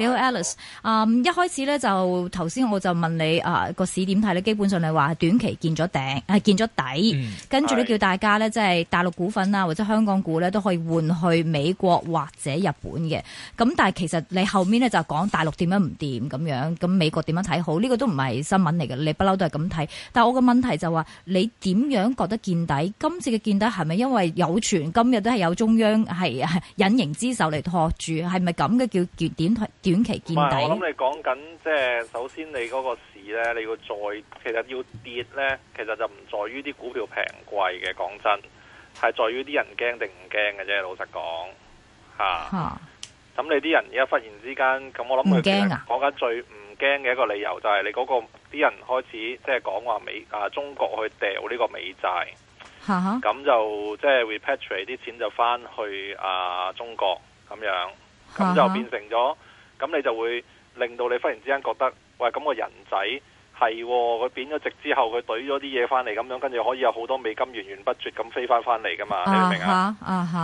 你好，Alice。Um, 一開始呢，就頭先我就問你啊，個市點睇呢，基本上你話短期見咗頂，係見咗底，跟住呢，叫大家呢，即係的大陸股份啊，或者香港股呢，都可以換去美國或者日本嘅。咁但係其實你後面呢，就講大陸點樣唔掂咁樣，咁美國點樣睇好？呢、呢個都唔係新聞嚟嘅，你不嬲都係咁睇。但係我個問題就話你點樣覺得見底？今次嘅見底係咪因為有傳今日都係有中央係隱形之手嚟托住？係咪咁嘅叫點，點短期見底。唔係，我諗你講緊即係，就是，首先你嗰個市咧，你要再，其實要跌咧，其實就唔在於啲股票平貴嘅，講真係在於啲人驚定唔驚嘅啫。老實講吓，咁、啊、哈你啲人而家忽然之間，咁我諗佢講緊最唔驚嘅一個理由就係你嗰、嗰個啲人開始即係講話美啊，中國去掉呢個美債，咁哈就即係、就是、repatriate 啲錢就翻去啊中國咁樣，咁就變成咗。哈哈咁你就會令到你忽然之間覺得，喂咁個人仔係佢變咗值之後，佢攰咗啲嘢返嚟咁樣，跟住可以有好多美金源源不絕咁飛返返嚟噶嘛？Uh huh, uh huh. 你明唔明啊？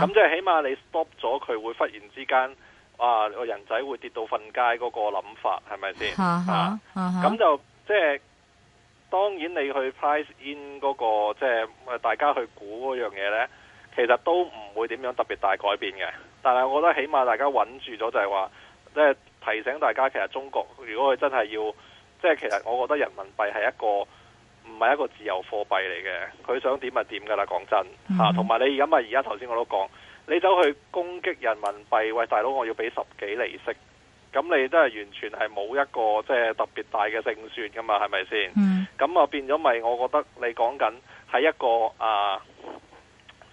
咁即係起碼你 stop 咗佢，會忽然之間啊，個人仔會跌到瞓街嗰個諗法係咪先？咁就即係、即係、當然你去 price in 嗰、嗰個即係、即係、大家去估嗰樣嘢呢，其實都唔會點樣特別大改變嘅。但係我覺得起碼大家穩住咗就係話。即係提醒大家，其實中國如果佢真係要，即係其實我覺得人民幣係一個唔係一個自由貨幣嚟嘅，佢想點咪點噶啦，講真吓，同埋、mm hmm. 你而家咪而家頭先我都講，你走去攻擊人民幣，喂大佬我要俾十幾利息，咁你都係完全係冇一個即係特別大嘅勝算噶嘛，係咪先？咁啊、mm hmm. 變咗咪？我覺得你講緊係一個啊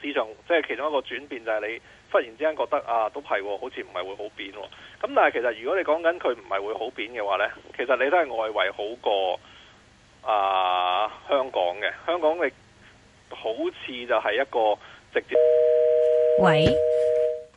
市場，即係其中一個轉變就係你。忽然之間覺得啊，都係好似唔係會好扁喎。咁但係其實如果你講緊佢唔係會好扁嘅話咧，其實你都係外圍好過啊香港嘅香港，好似就係一個直接。喂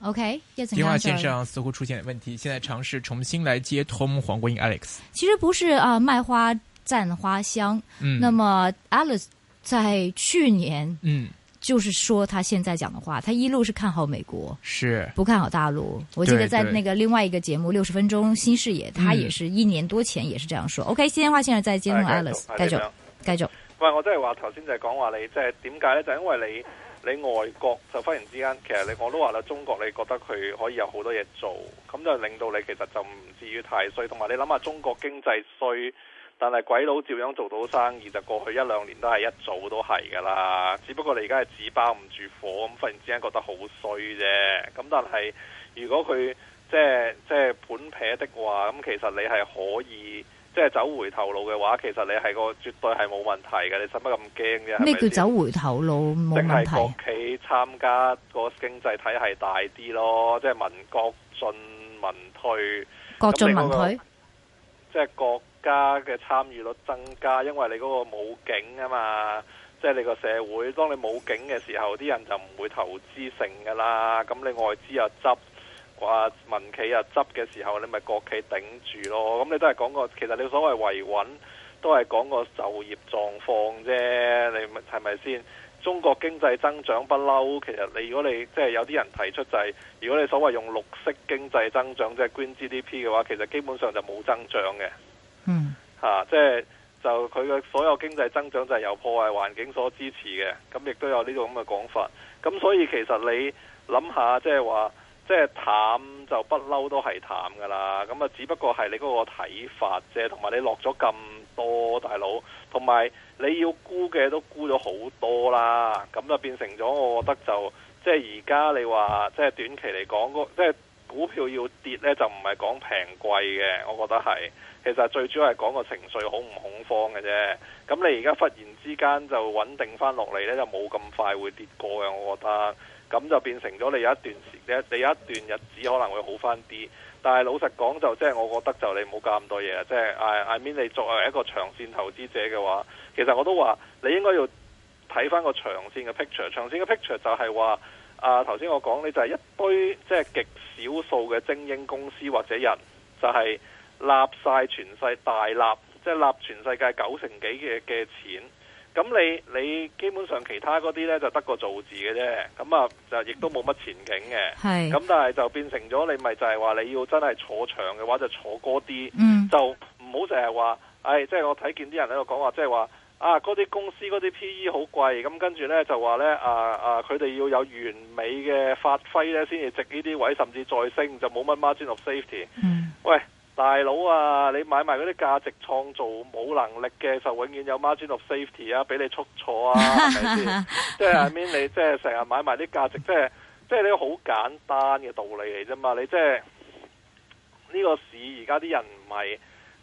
，OK。電話線上似乎出現問題，現在嘗試重新嚟接通黃國英 Alex。其實不是啊，賣花讚花，讚花香。那麼 Alex 在去年嗯。就是說他現在講的話，他一路是看好美國，是不看好大陸。對我記得在那個另外一個節目《六十分鐘新視野》，他也是一年多前也是這樣說。嗯、OK，先電話線在再接通，Alice，繼續，哎，繼續，喂，我真係話頭先就係講話你，即係點解呢？就因為你，你外國就忽然之間，其實你我都話啦，中國你覺得佢可以有好多嘢做，咁就令到你其實就唔至於太衰。同埋你諗下中國經濟衰。但係鬼佬照樣做到生意，就過去一兩年都係一早都係噶啦。只不過你而家係紙包唔住火，咁忽然之間覺得好衰啫。咁但係如果佢即係即係盤撇的話，咁其實你係可以即係走回頭路嘅話，其實你係個絕對係冇問題嘅。你使乜咁驚啫？咩叫走回頭路冇問題？係國企參加個經濟體系大啲咯，即係民國進民退，國進民退，那那個、即係國。家嘅參與率增加，因為你嗰個冇景啊嘛，即係你個社會當你冇景嘅時候，啲人就唔會投資性噶啦。咁你外資又執，話民企又執嘅時候，你咪國企頂住咯。咁你都係講個其實你所謂維穩都係講個就業狀況啫。你係咪先中國經濟增長不嬲？其實你如果你即係有啲人提出就係如果你所謂用綠色經濟增長即係 Green GDP 嘅話，其實基本上就冇增長嘅。嚇、啊！即係就佢嘅所有經濟增長就係由破壞環境所支持嘅，咁亦都有呢種咁嘅講法。咁所以其實你諗下，即係話，即係淡就不嬲都係淡噶啦。咁啊，只不過係你嗰個睇法啫，同埋你落咗咁多大佬，同埋你要沽嘅都沽咗好多啦。咁就變成咗，我覺得就即係而家你話，即係短期嚟講即係。股票要跌呢，就唔係講平貴嘅，我覺得係。其實最主要係講個情緒好唔恐慌嘅啫。咁你而家忽然之間就穩定翻落嚟呢，就冇咁快會跌過嘅，我覺得。咁就變成咗你有一段時，你有一段日子可能會好翻啲。但係老實講，就即係我覺得就你唔好搞咁多嘢。即係 I I mean 你作為一個長線投資者嘅話，其實我都話你應該要睇翻個長線嘅 picture。長線嘅 picture 就係話。啊！頭先我講你就係一堆即係極少數嘅精英公司或者人，就係立曬全世界大立，即係立全世界九成幾嘅嘅錢。咁你你基本上其他嗰啲呢就得個造字嘅啫。咁啊就亦都冇乜前景嘅。係。咁但係就變成咗你咪就係話你要真係坐長嘅話就坐多啲。嗯。就唔好淨係話，誒，即係我睇見啲人喺度講話，即係話。啊！嗰啲公司嗰啲 P/E 好貴，咁跟住呢就話呢，啊啊，佢哋要有完美嘅發揮咧，先至值呢啲位，甚至再升就冇乜 margin of safety。嗯。喂，大佬啊，你買埋嗰啲價值創造冇能力嘅，就永遠有 margin of safety 啊，俾你出錯啊，係咪先？即係 I mean 你即係成日買埋啲價值，即係即係啲好簡單嘅道理嚟啫嘛，你即係呢個市而家啲人唔係。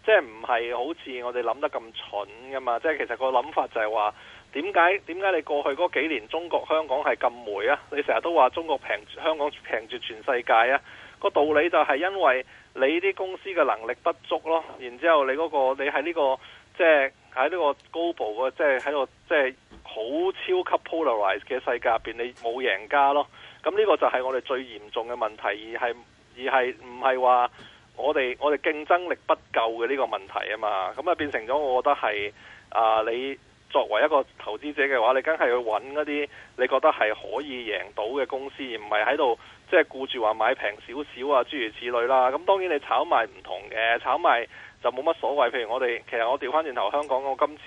即係唔係好似我哋諗得咁蠢噶嘛？即係其實個諗法就係話，點解點解你過去嗰幾年中國香港係咁霉啊？你成日都話中國平香港平住全世界啊？個道理就係因為你啲公司嘅能力不足咯，然之後你嗰個你喺呢個即係喺呢個 global 嘅即係喺個即係好超級 polarized 嘅世界入邊，你冇贏家咯。咁呢個就係我哋最嚴重嘅問題，而係而係唔係話。我哋我哋競爭力不夠嘅呢個問題啊嘛，咁啊變成咗，我覺得係啊、呃、你作為一個投資者嘅話，你梗係去揾嗰啲你覺得係可以贏到嘅公司，而唔係喺度即係顧住話買平少少啊諸如此類啦。咁當然你炒賣唔同嘅，炒賣就冇乜所謂。譬如我哋其實我調翻轉頭香港，我今次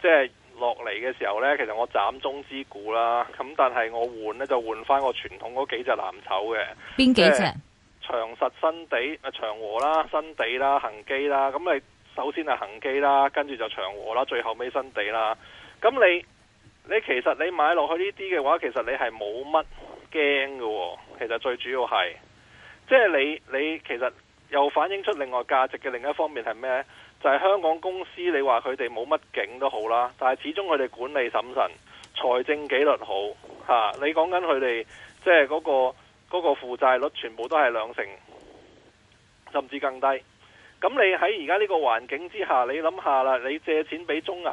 即係落嚟嘅時候呢，其實我斬中資股啦，咁但係我換呢，就換翻我傳統嗰幾隻藍籌嘅邊幾隻？就是長實新地，啊長和啦，新地啦，恒基啦，咁你首先係恒基啦，跟住就長和啦，最後尾新地啦，咁你你其實你買落去呢啲嘅話，其實你係冇乜驚嘅，其實最主要係，即係你你其實又反映出另外價值嘅另一方面係咩？就係、是、香港公司你、啊，你話佢哋冇乜景都好啦，但係始終佢哋管理審慎、財政紀律好吓。你講緊佢哋即係嗰個。嗰個負債率全部都係兩成，甚至更低。咁你喺而家呢個環境之下，你諗下啦，你借錢俾中銀、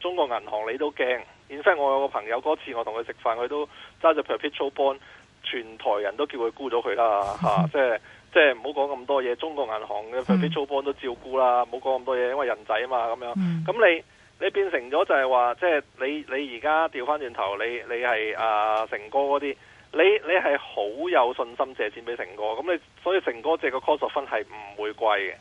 中國銀行，你都驚。然之後我有個朋友嗰次我同佢食飯，佢都揸咗 perpetual bond，全台人都叫佢沽咗佢啦，嚇即係即係唔好講咁多嘢，中國銀行嘅 perpetual bond 都照顧啦，唔好講咁多嘢，因為人仔啊嘛咁樣。咁你你變成咗就係話，即係你你而家調翻轉頭，你你係啊成哥嗰啲。你你係好有信心借錢俾成哥，咁你所以成哥借個 cost 分係唔會貴嘅，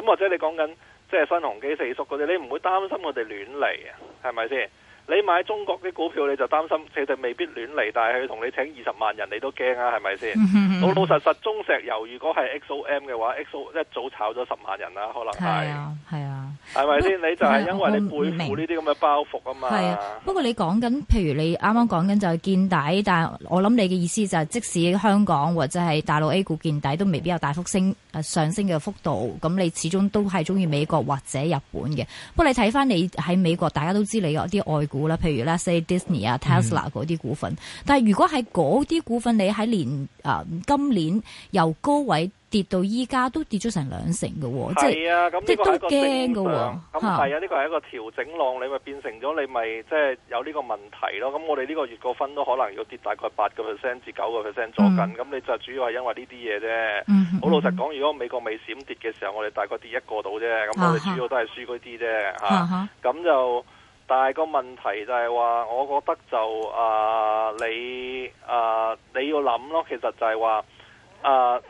咁或者你講緊即係新鴻基四叔嗰啲，你唔會擔心我哋亂嚟啊，係咪先？你買中國啲股票你就擔心，其實未必亂嚟，但係佢同你請二十萬人，你都驚啊，係咪先？老 老實實，中石油如果係 X O M 嘅話，X O 一早炒咗十萬人啦，可能係 啊。係咪先？是是不你就係因為你背負呢啲咁嘅包袱啊嘛。係啊，不過你講緊，譬如你啱啱講緊就係見底，但係我諗你嘅意思就係，即使香港或者係大陸 A 股見底，都未必有大幅升誒上升嘅幅度。咁你始終都係中意美國或者日本嘅。不過你睇翻你喺美國，大家都知你有啲外股啦，譬如咧，say Disney 啊、Tesla 嗰啲股份。嗯、但係如果喺嗰啲股份，你喺年、呃、今年由高位。跌到依家都跌咗成兩成嘅，即係都驚嘅。咁係啊，呢個係一個調整浪，你咪變成咗，你咪即係有呢個問題咯。咁我哋呢個月個分都可能要跌大概八個 percent 至九個 percent 咗緊。咁、嗯、你就主要係因為呢啲嘢啫。好、嗯嗯、老實講，如果美國未閃跌嘅時候，我哋大概跌一個度啫。咁我哋主要都係輸嗰啲啫。嚇咁就，但係個問題就係話，我覺得就啊、呃，你啊、呃，你要諗咯。其實就係話啊。呃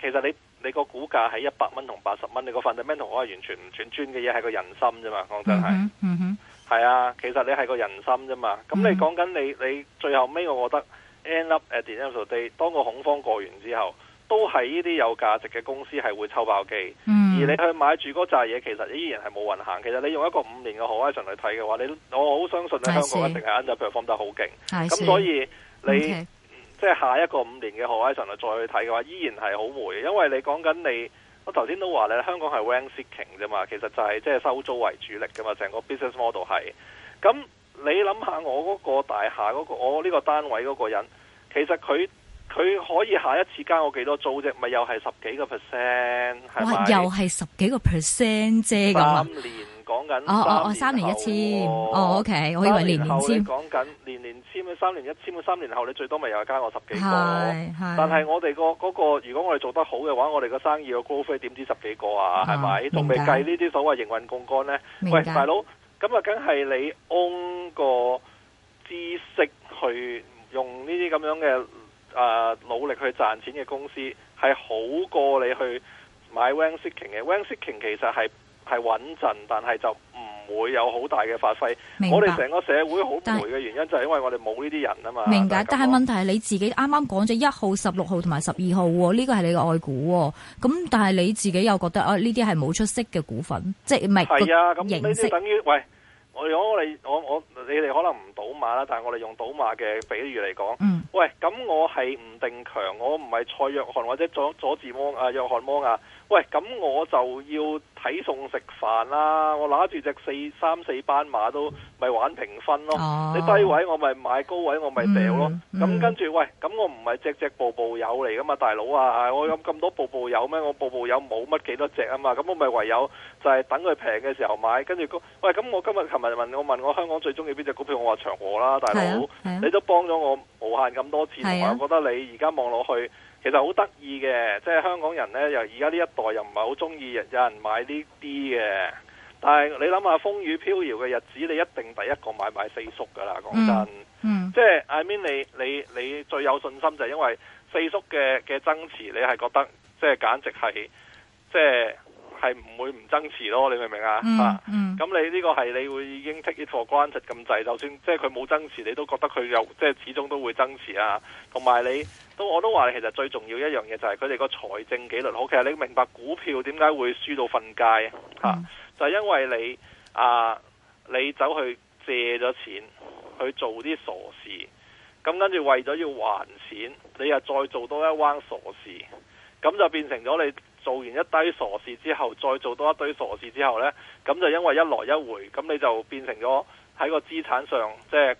其實你你個股價喺一百蚊同八十蚊，你個 fundamental 我係完全唔轉磚嘅嘢，係個人心啫嘛，講真係、嗯。嗯係啊，其實你係個人心啫嘛。咁、嗯、你講緊你你最後尾，我覺得 end up at digital day，當個恐慌過完之後，都係呢啲有價值嘅公司係會抽爆機。嗯，而你去買住嗰扎嘢，其實依然係冇運行。其實你用一個五年嘅 horizon 嚟睇嘅話，你我好相信香港一定係 underperform 得好勁。咁是所以你。Okay. 即係下一個五年嘅 Horizon 啊，再去睇嘅話，依然係好回，因為你講緊你，我頭先都話你香港係 Rent Seeking 啫嘛，其實就係即係收租為主力噶嘛，成個 business model 係。咁你諗下，我嗰個大廈嗰、嗰個，我呢個單位嗰個人，其實佢佢可以下一次加我幾多租啫？咪又係十幾個 percent？哇，又係十幾個 percent 啫咁啊！哦哦，三年一次，哦 OK，我以為年年簽。講緊年年簽，三年一簽，三年後你最多咪又加我十幾個？係，係但係我哋個嗰個，如果我哋做得好嘅話，我哋個生意個 growth 點知十幾個啊？係咪？仲未計呢啲所謂營運槓桿呢？白喂，大佬，咁啊，梗係你 own 個知識去用呢啲咁樣嘅、呃、努力去賺錢嘅公司係好過你去買 w i n g 嘅 w i n g 其實係。係穩陣，但係就唔會有好大嘅發揮。明白我哋成個社會好攰嘅原因就係因為我哋冇呢啲人啊嘛。明解白，是但係問題係你自己啱啱講咗一號、十六號同埋十二號喎，呢個係你嘅愛股。咁但係你自己又覺得啊，呢啲係冇出息嘅股份，即係唔係？係啊，咁呢啲等於喂，我如果我我我你哋可能唔賭馬啦，但係我哋用賭馬嘅比喻嚟講，嗯，喂，咁我係唔定強，我唔係蔡約翰或者佐佐治摩啊、約翰摩亞啊。喂，咁我就要睇餸食飯啦，我拿住隻四三四斑馬都咪玩平分咯。Oh. 你低位我咪買，高位我咪掉咯。咁、mm hmm. 跟住，喂，咁我唔係隻隻步步有嚟噶嘛，大佬啊，我有咁多步步有咩？我步步有冇乜幾多隻啊嘛，咁我咪唯有就係等佢平嘅時候買，跟住喂，咁我今日琴日問我問我香港最中意邊隻股票，我話長和啦，大佬，啊啊、你都幫咗我無限咁多次，同埋、啊、我覺得你而家望落去其實好得意嘅，即、就、係、是、香港人又而家呢一代又唔係好中意有人買呢啲嘅，但係你諗下風雨飄搖嘅日子，你一定第一個買買四叔噶啦，講真，即係 I mean, 你你你最有信心就係因為四叔嘅嘅增持，你係覺得即係簡直係即係。係唔會唔增持咯？你明唔明、嗯嗯、啊？咁你呢個係你會已經 take it for granted 咁滯，就算即係佢冇增持，你都覺得佢又即係始終都會增持啊！同埋你都我都話，其實最重要的一樣嘢就係佢哋個財政紀律好。其實你明白股票點解會輸到瞓街啊、嗯、啊？就係、因為你啊，你走去借咗錢去做啲傻事，咁跟住為咗要還錢，你又再做多一彎傻事，咁就變成咗你。做完一堆傻事之後，再做多一堆傻事之後呢？咁就因為一來一回，咁你就變成咗喺個資產上即係、就是、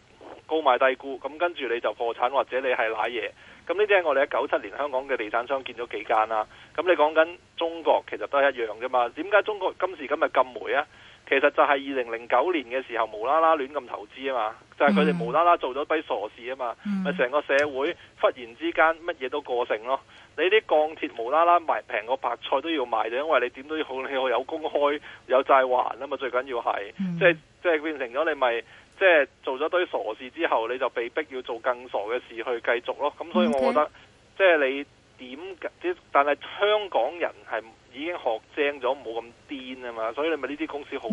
高買低沽，咁跟住你就破產或者你係瀨嘢，咁呢啲係我哋喺九七年香港嘅地產商見咗幾間啦、啊，咁你講緊中國其實都係一樣嘅嘛？點解中國今時今日咁霉啊？其實就係二零零九年嘅時候無啦啦亂咁投資啊嘛，就係佢哋無啦啦做咗一堆傻事啊嘛，咪成、嗯、個社會忽然之間乜嘢都過剩咯。你啲鋼鐵無啦啦賣平過白菜都要賣，就因為你點都要好，你要有工開，有債還啊嘛！最緊要係、嗯，即係即係變成咗你咪，即係做咗堆傻事之後，你就被逼要做更傻嘅事去繼續咯。咁所以我覺得，嗯、即係你點？但係香港人係。已經學精咗，冇咁癲啊嘛，所以你咪呢啲公司好啲咯。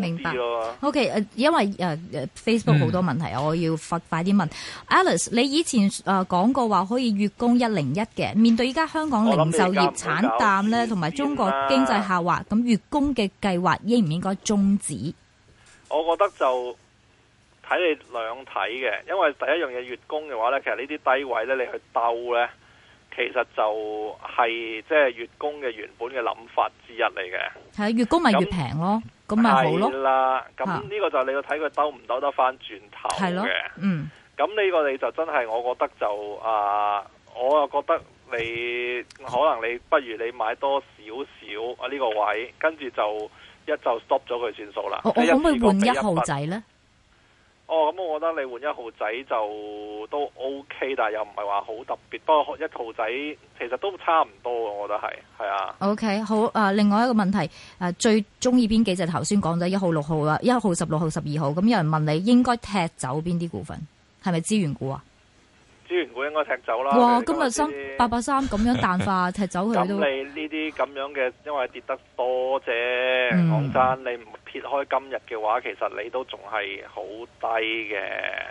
明白。OK，因為誒誒 Facebook 好多問題，嗯、我要快快啲問 Alice。你以前誒講過話可以月供一零一嘅，面對依家香港零售業慘淡咧，同埋中國經濟下滑，咁月供嘅計劃應唔應該終止？我覺得就睇你兩睇嘅，因為第一樣嘢月供嘅話咧，其實呢啲低位咧，你去兜咧。其實就係即係月供嘅原本嘅諗法之一嚟嘅，係月供咪越平咯，咁咪那好咯。係啦，咁呢個就你要睇佢兜唔兜得翻轉頭。嘅嗯。咁呢個你就真係，我覺得就啊，我又覺得你可能你不如你買多少少啊呢個位，跟住就一就 stop 咗佢算數啦。我可唔可以換一號仔咧？哦，咁、嗯、我覺得你換一號仔就都 OK，但係又唔係話好特別，不過一號仔其實都差唔多，我覺得係，係啊。OK，好，啊另外一個問題，誒、啊、最中意邊幾隻？頭先講咗一號、六號啦，一號、十六號、十二號，咁有人問你應該踢走邊啲股份，係咪資源股啊？資源股應該踢走啦！哇，今日三八八三咁樣淡化， 踢走佢都。咁你呢啲咁樣嘅，因為跌得多啫。講、嗯、真，你撇開今日嘅話，其實你都仲係好低嘅。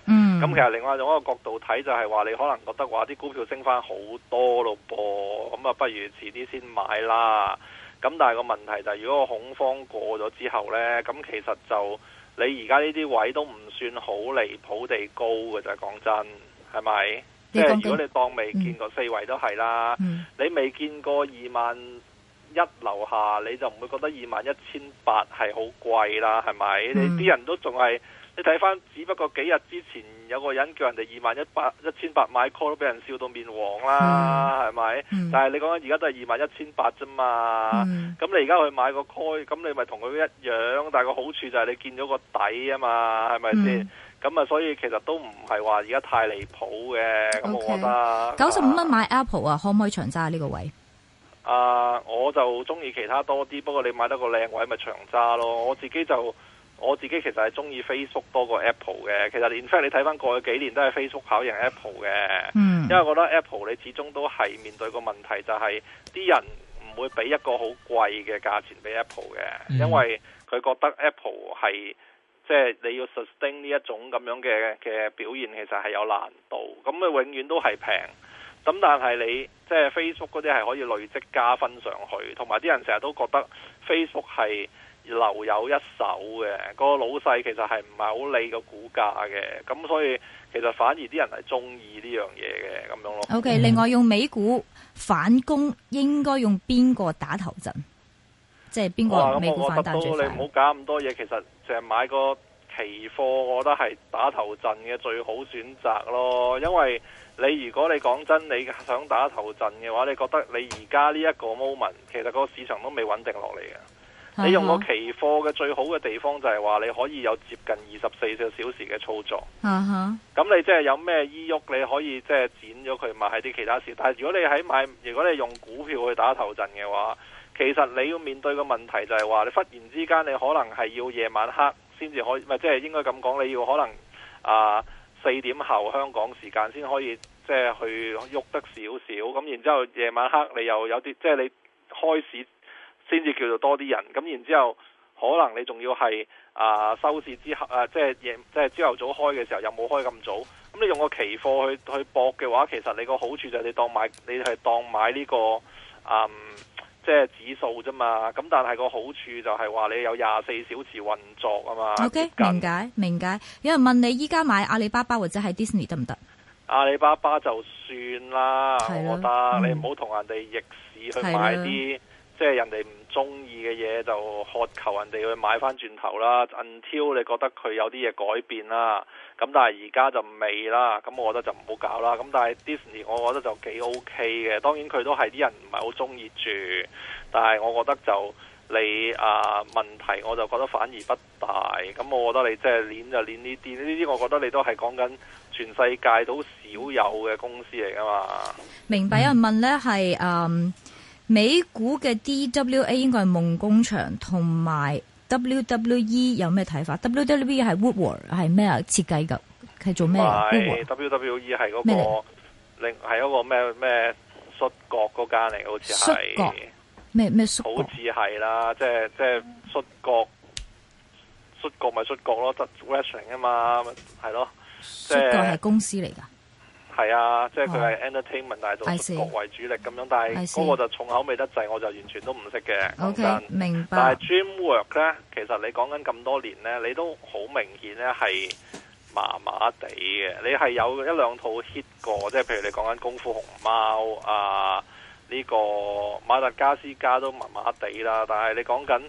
嗯。咁其實另外用一個角度睇，就係話你可能覺得話啲股票升返好多咯噃，咁啊不如遲啲先買啦。咁但係個問題就係，如果個恐慌過咗之後呢，咁其實就你而家呢啲位都唔算好離譜地高嘅就係講真。係咪？即係如果你當未見過、嗯、四圍都係啦，嗯、你未見過二萬一樓下，你就唔會覺得二萬一千八係好貴啦？係咪、嗯？你啲人都仲係你睇翻，只不過幾日之前有個人叫人哋二萬一千八買 call，都俾人笑到面黃啦，係咪？但係你講緊而家都係二萬一千八啫嘛，咁、嗯、你而家去買個 call，咁你咪同佢一樣，但係個好處就係你見咗個底啊嘛，係咪先？嗯咁啊、嗯，所以其實都唔係話而家太離譜嘅，咁我覺得九十五蚊買 Apple 啊，可唔可以長揸呢個位？啊，我就中意其他多啲，不過你買得個靚位咪長揸咯。我自己就我自己其實係中意 Facebook 多過 Apple 嘅。其實 in fact 你睇翻過去幾年都係 Facebook 跑贏 Apple 嘅。嗯，因為我覺得 Apple 你始終都係面對個問題、就是，就係啲人唔會俾一個好貴嘅價錢俾 Apple 嘅，因為佢覺得 Apple 係。即係你要 sustain 呢一種咁樣嘅嘅表現，其實係有難度。咁咪永遠都係平。咁但係你即係、就是、Facebook 嗰啲係可以累積加分上去，同埋啲人成日都覺得 Facebook 係留有一手嘅。個老細其實係唔係好理個股價嘅。咁所以其實反而啲人係中意呢樣嘢嘅咁樣咯。O Okay , K，、嗯、另外用美股反攻應該用邊個打頭陣？即係邊個美股反彈最快？、哦、你，唔好搞咁多嘢，其實。成日買個期貨，我覺得係打頭陣嘅最好選擇咯。因為你如果你講真，你想打頭陣嘅話，你覺得你而家呢一個 moment 其實個市場都未穩定落嚟嘅。你用個期貨嘅最好嘅地方就係話你可以有接近二十四小時嘅操作。咁你即係有咩意郁，你可以即係剪咗佢賣喺啲其他市。但係如果你喺買，如果你用股票去打頭陣嘅話，其實你要面對個問題就係話，你忽然之間你可能係要夜晚黑先至可以，唔係即係應該咁講，你要可能啊呃、四點後香港時間先可以即係去喐得少少。咁然之後夜晚黑你又有啲，即係你開市先至叫做多啲人。咁然之後可能你仲要係啊、呃、收市之後啊，即係夜即係朝頭早開嘅時候又冇開咁早。咁你用個期貨去去搏嘅話，其實你個好處就係你當買，你係當買呢個嗯。即係指數啫嘛，咁但係個好處就係話你有廿四小時運作啊嘛。OK，近明解明解。有人問你依家買阿里巴巴或者係 Disney 得唔得？阿里巴巴就算啦，的我覺得、嗯、你唔好同人哋逆市去買啲，即係的人哋唔。中意嘅嘢就渴求人哋去買返轉頭啦。until 你覺得佢有啲嘢改變啦，咁但係而家就未啦，咁我覺得就唔好搞啦。咁但係 Disney，我覺得就幾 OK 嘅。當然佢都係啲人唔係好中意住，但係我覺得就你啊問題，我就覺得反而不大。咁我覺得你即係攣就攣呢啲呢啲，我覺得你都係講緊全世界都少有嘅公司嚟噶嘛。明白有人、啊嗯、問呢係嗯。美股嘅 DWA 應該係夢工場，同埋 WWE 有咩睇法？WWE 係 Woodward 係咩啊？設計噶係做咩？唔係 WWE 係嗰個，另係嗰個咩咩摔角嗰間嚟？好似係咩咩摔角？書書好似係啦，即係即係摔角，摔角咪摔角咯，得 version 啊嘛，係、就、咯、是，即係公司嚟㗎。係啊，即係佢係 entertainment 大做主、哦、角為主力咁樣，白但係嗰個就重口味得滯，我就完全都唔識嘅。Okay, 坦白，明白。但係 Dreamwork 呢，其實你講緊咁多年呢，你都好明顯呢係麻麻地嘅。你係有一兩套 hit 過，即係譬如你講緊功夫熊貓啊，呢、呢個馬達加斯加都麻麻地啦。但係你講緊。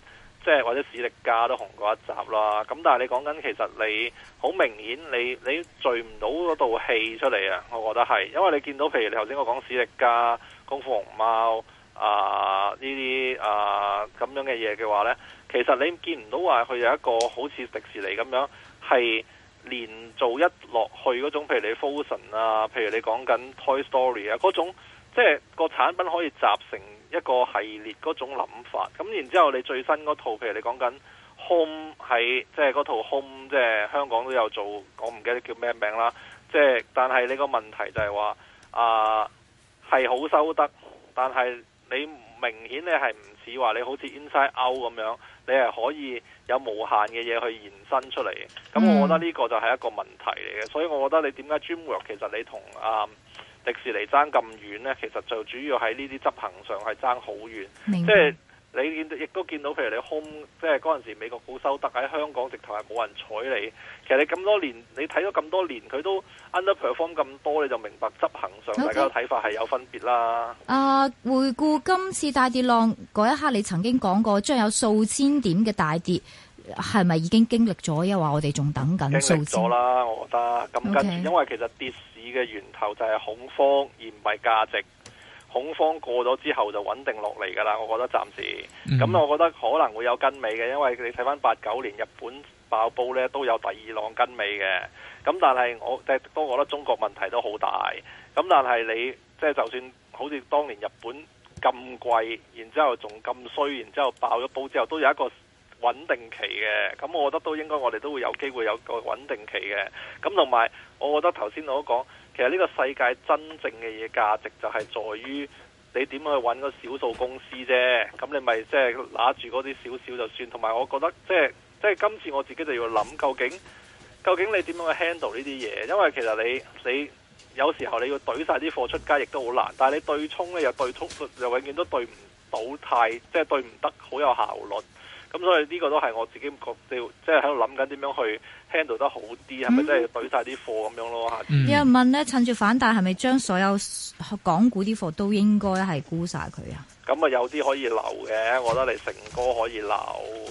即係或者史力加都紅過一集啦，咁但係你講緊其實你好明顯你你聚唔到嗰套戲出嚟啊。我覺得係，因為你見到譬如你頭先我講史力加功夫熊貓啊呢啲啊咁樣嘅嘢嘅話咧，其實你見唔到話佢有一個好似迪士尼咁樣係連做一落去嗰種，譬如你 Frozen 啊，譬如你講緊 Toy Story 啊嗰種即係、個產品可以集成。一個系列嗰種諗法，咁然之後你最新嗰套，譬如你講緊 home 係即係嗰套 home，即係香港都有做，我唔記得叫咩名啦。即係但係你個問題就係話啊，係好收得，但係你明顯你係唔似話你好似 Inside Out 咁樣，你係可以有無限嘅嘢去延伸出嚟。咁我覺得呢個就係一個問題嚟嘅，所以我覺得你點解 DreamWorks 其實你同啊？迪士尼爭咁遠呢，其實最主要喺呢啲執行上係爭好遠。明白。即係你亦都見到，譬如你空，即係嗰陣時美國股收得喺香港，直頭係冇人睬你。其實你咁多年，你睇咗咁多年，佢都 underperform 咁多，你就明白執行上大家嘅睇法係有分別啦。啊，Okay. uh, 回顧今次大跌浪嗰一刻，你曾經講過將有數千點嘅大跌。係咪已經經歷咗？因為我哋仲等緊數字啦。我覺得咁跟住，Okay. 因為其實跌市嘅源頭就係恐慌，而唔係價值。恐慌過咗之後就穩定落嚟㗎啦。我覺得暫時。咁、嗯、我覺得可能會有跟尾嘅，因為你睇翻八九年日本爆煲呢，都有第二浪跟尾嘅。咁但係我即係都覺得中國問題都好大。咁但係你即係就算好似當年日本咁貴，然之後仲咁衰，然之後爆咗煲之後，都有一個。穩定期嘅。咁，我覺得都應該，我哋都會有機會有個穩定期嘅咁。同埋，我覺得頭先我都講，其實呢個世界真正嘅嘢價值就係在於你點樣去揾嗰少數公司啫。咁你咪即係攞住嗰啲少少就算。同埋，我覺得即係即係今次我自己就要諗，究竟究竟你點樣去 handle 呢啲嘢？因為其實你你有時候你要懟晒啲貨物出街，亦都好難。但係你對沖咧，又對沖又永遠都對唔到太即係、即係、對唔得好有效率。咁、嗯、所以呢個都係我自己覺得，即係喺度諗緊點樣去 handle 得好啲，係咪、嗯、真係懟曬啲貨咁樣咯吓？有人問咧，趁住反彈係咪將所有港股啲貨都應該係沽晒佢啊？咁啊、嗯、有啲可以留嘅，我覺得你成哥可以留，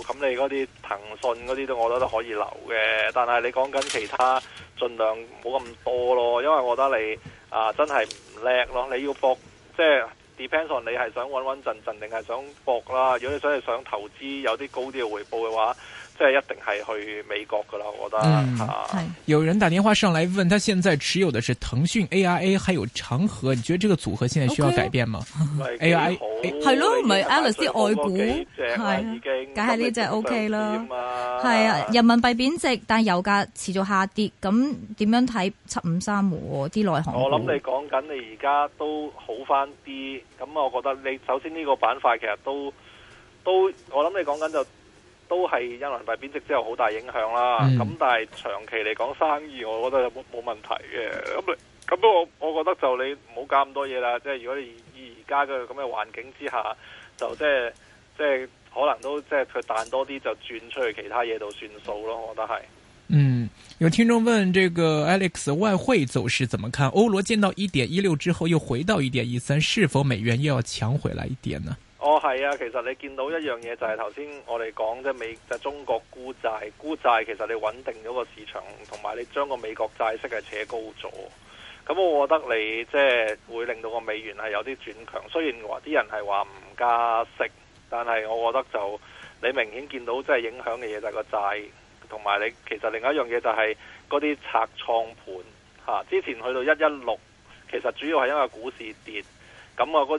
咁你嗰啲騰訊嗰啲都我覺得都可以留嘅，但係你講緊其他，盡量冇咁多咯，因為我覺得你啊、呃、真係唔叻咯，你要博即係。就是 depends on 你係想穩穩陣陣定係想搏啦。如果你真係想投資有啲高啲嘅回報嘅話。即係一定係去美國噶啦，我覺得吓。係有人打電話上嚟問他，現在持有的是騰訊、A I A，還有長和。你覺得這個組合現在需要改變嗎？A I 好係咯，唔係 Alice 啲外股係，已經梗係呢隻 O K 啦。係啊，人民幣貶值，但係油價持續下跌，咁點樣睇七五三五啲內行？我諗你講緊你而家都好翻啲，咁我覺得你首先呢個板塊其實都都，我諗你講緊就。都係因人民幣貶值之後好大影響啦，咁、嗯、但係長期嚟講生意，我覺得冇冇問題嘅。咁咁不過我覺得就你唔好搞咁多嘢啦。即係如果你以而家嘅咁嘅環境之下，就即係即係可能都即係佢彈多啲就轉出去其他嘢度算數咯。我覺得係。嗯，有聽眾問：這個 Alex 外匯走勢怎麼看？歐羅見到一點一六之後又回到一點一三，是否美元又要強回來一點呢？哦，係啊，其實你見到一樣嘢就係頭先我哋講即係美即係、就是、中國沽債，沽債其實你穩定咗個市場，同埋你將個美國債息係扯高咗。咁我覺得你即係、就是、會令到個美元係有啲轉強。雖然話啲人係話唔加息，但係我覺得就你明顯見到即係影響嘅嘢就係個債，同埋你其實另一樣嘢就係嗰啲拆創盤、啊、之前去到一一六，其實主要係因為股市跌，咁我嗰。